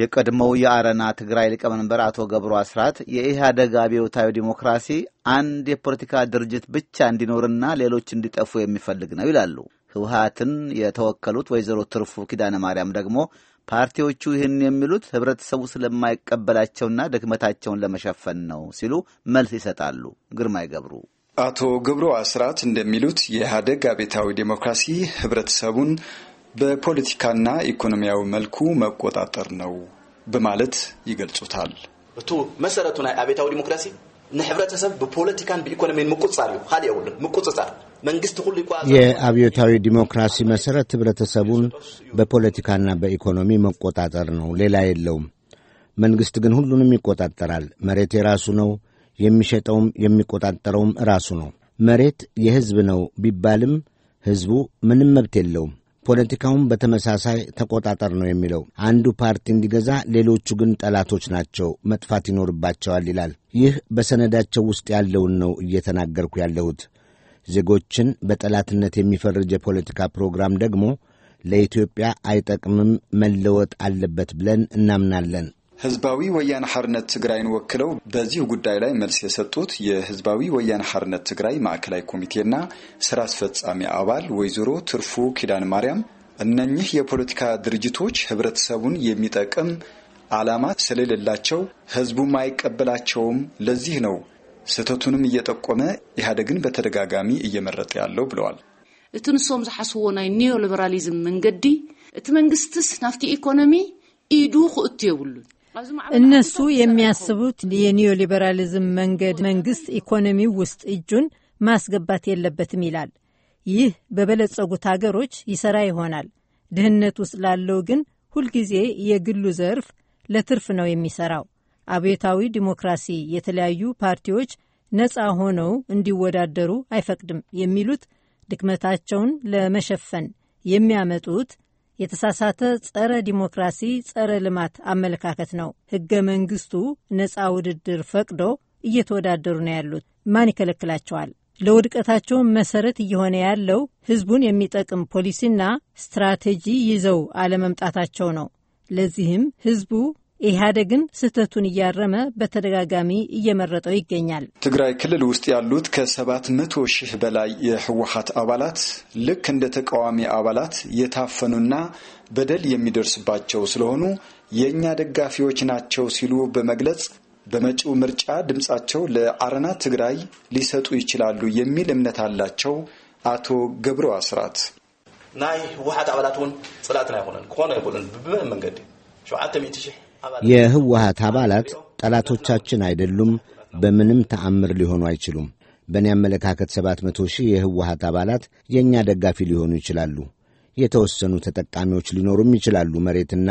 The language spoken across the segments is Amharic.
የቀድሞው የአረና ትግራይ ሊቀመንበር አቶ ገብሩ አስራት የኢህአደግ አብዮታዊ ዲሞክራሲ አንድ የፖለቲካ ድርጅት ብቻ እንዲኖርና ሌሎች እንዲጠፉ የሚፈልግ ነው ይላሉ። ህወሀትን የተወከሉት ወይዘሮ ትርፉ ኪዳነ ማርያም ደግሞ ፓርቲዎቹ ይህን የሚሉት ህብረተሰቡ ስለማይቀበላቸውና ድክመታቸውን ለመሸፈን ነው ሲሉ መልስ ይሰጣሉ። ግርማይ ገብሩ አቶ ገብሩ አስራት እንደሚሉት የኢህአደግ አቤታዊ ዴሞክራሲ ህብረተሰቡን በፖለቲካና ኢኮኖሚያዊ መልኩ መቆጣጠር ነው በማለት ይገልጹታል። እቱ መሰረቱ ናይ አቤታዊ ዲሞክራሲ ንሕብረተሰብ ብፖለቲካን ብኢኮኖሚን ምቁፅጻር እዩ ካልእ የብሉን ምቁፅፃር መንግስቲ ሁሉ ይቋ የአብዮታዊ ዲሞክራሲ መሰረት ህብረተሰቡን በፖለቲካና በኢኮኖሚ መቆጣጠር ነው፣ ሌላ የለውም። መንግስት ግን ሁሉንም ይቆጣጠራል። መሬት የራሱ ነው፣ የሚሸጠውም የሚቆጣጠረውም ራሱ ነው። መሬት የህዝብ ነው ቢባልም ህዝቡ ምንም መብት የለውም። ፖለቲካውን በተመሳሳይ ተቆጣጠር ነው የሚለው። አንዱ ፓርቲ እንዲገዛ፣ ሌሎቹ ግን ጠላቶች ናቸው፣ መጥፋት ይኖርባቸዋል ይላል። ይህ በሰነዳቸው ውስጥ ያለውን ነው እየተናገርኩ ያለሁት። ዜጎችን በጠላትነት የሚፈርጅ የፖለቲካ ፕሮግራም ደግሞ ለኢትዮጵያ አይጠቅምም፣ መለወጥ አለበት ብለን እናምናለን። ህዝባዊ ወያነ ሐርነት ትግራይን ወክለው በዚህ ጉዳይ ላይ መልስ የሰጡት የህዝባዊ ወያነ ሐርነት ትግራይ ማዕከላዊ ኮሚቴና ስራ አስፈጻሚ አባል ወይዘሮ ትርፉ ኪዳን ማርያም እነኚህ የፖለቲካ ድርጅቶች ህብረተሰቡን የሚጠቅም ዓላማ ስለሌላቸው ህዝቡም አይቀበላቸውም። ለዚህ ነው ስህተቱንም እየጠቆመ ኢህአዴግን በተደጋጋሚ እየመረጠ ያለው ብለዋል። እቲ ንሶም ዝሓስዎ ናይ ሊበራሊዝም መንገዲ እቲ መንግስትስ ናፍቲ ኢኮኖሚ ኢዱ ክእቱ የብሉን እነሱ የሚያስቡት የኒዮሊበራሊዝም መንገድ መንግስት ኢኮኖሚ ውስጥ እጁን ማስገባት የለበትም ይላል። ይህ በበለጸጉት ሀገሮች ይሰራ ይሆናል። ድህነት ውስጥ ላለው ግን ሁልጊዜ የግሉ ዘርፍ ለትርፍ ነው የሚሰራው። አብዮታዊ ዲሞክራሲ የተለያዩ ፓርቲዎች ነፃ ሆነው እንዲወዳደሩ አይፈቅድም የሚሉት ድክመታቸውን ለመሸፈን የሚያመጡት የተሳሳተ ጸረ ዲሞክራሲ፣ ጸረ ልማት አመለካከት ነው። ህገ መንግስቱ ነፃ ውድድር ፈቅዶ እየተወዳደሩ ነው ያሉት ማን ይከለክላቸዋል? ለውድቀታቸው መሰረት እየሆነ ያለው ህዝቡን የሚጠቅም ፖሊሲና ስትራቴጂ ይዘው አለመምጣታቸው ነው። ለዚህም ህዝቡ ኢህአዴግን ስህተቱን እያረመ በተደጋጋሚ እየመረጠው ይገኛል። ትግራይ ክልል ውስጥ ያሉት ከሰባት መቶ ሺህ በላይ የህወሀት አባላት ልክ እንደ ተቃዋሚ አባላት የታፈኑና በደል የሚደርስባቸው ስለሆኑ የእኛ ደጋፊዎች ናቸው ሲሉ በመግለጽ በመጪው ምርጫ ድምፃቸው ለአረና ትግራይ ሊሰጡ ይችላሉ የሚል እምነት አላቸው አቶ ገብሩ አስራት። ናይ ህወሀት አባላት እውን ፅላትና ይኮነን ክኾነ ይኽእሉን ብበ መንገዲ 700 ሺሕ የህወሀት አባላት ጠላቶቻችን አይደሉም፣ በምንም ተአምር ሊሆኑ አይችሉም። በእኔ አመለካከት ሰባት መቶ ሺህ የህወሀት አባላት የእኛ ደጋፊ ሊሆኑ ይችላሉ። የተወሰኑ ተጠቃሚዎች ሊኖሩም ይችላሉ፣ መሬትና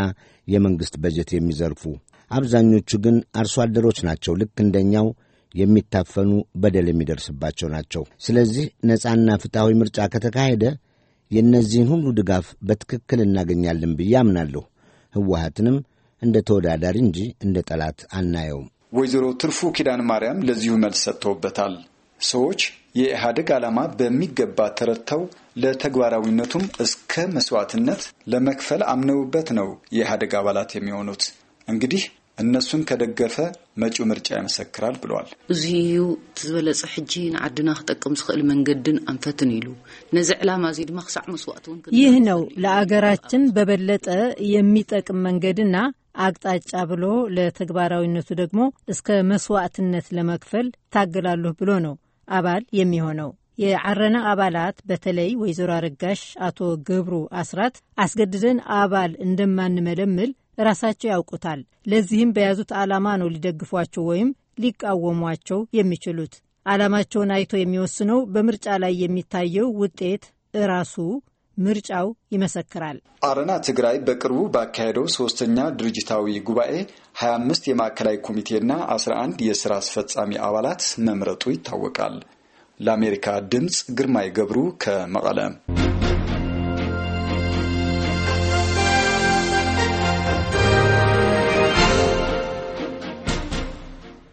የመንግሥት በጀት የሚዘርፉ አብዛኞቹ ግን አርሶ አደሮች ናቸው። ልክ እንደኛው የሚታፈኑ በደል የሚደርስባቸው ናቸው። ስለዚህ ነፃና ፍትሐዊ ምርጫ ከተካሄደ የእነዚህን ሁሉ ድጋፍ በትክክል እናገኛለን ብዬ አምናለሁ። ህወሀትንም እንደ ተወዳዳሪ እንጂ እንደ ጠላት አናየውም። ወይዘሮ ትርፉ ኪዳን ማርያም ለዚሁ መልስ ሰጥተውበታል። ሰዎች የኢህአዴግ ዓላማ በሚገባ ተረድተው ለተግባራዊነቱም እስከ መስዋዕትነት ለመክፈል አምነውበት ነው የኢህአዴግ አባላት የሚሆኑት። እንግዲህ እነሱን ከደገፈ መጪው ምርጫ ይመሰክራል ብለዋል። እዚዩ ዝበለፀ ሕጂ ንዓድና ክጠቅም ዝኽእል መንገድን ኣንፈትን ኢሉ ነዚ ዕላማ እዚ ድማ ክሳዕ መስዋዕት እውን ይህ ነው ለአገራችን በበለጠ የሚጠቅም መንገድና አቅጣጫ ብሎ ለተግባራዊነቱ ደግሞ እስከ መስዋዕትነት ለመክፈል ታገላለሁ ብሎ ነው አባል የሚሆነው። የዓረና አባላት በተለይ ወይዘሮ አረጋሽ፣ አቶ ገብሩ አስራት አስገድደን አባል እንደማንመለምል ራሳቸው ያውቁታል። ለዚህም በያዙት ዓላማ ነው ሊደግፏቸው ወይም ሊቃወሟቸው የሚችሉት። ዓላማቸውን አይቶ የሚወስነው በምርጫ ላይ የሚታየው ውጤት እራሱ ምርጫው ይመሰክራል። አረና ትግራይ በቅርቡ ባካሄደው ሶስተኛ ድርጅታዊ ጉባኤ 25 የማዕከላዊ ኮሚቴና 11 የስራ አስፈጻሚ አባላት መምረጡ ይታወቃል። ለአሜሪካ ድምፅ ግርማይ ገብሩ ከመቀለም።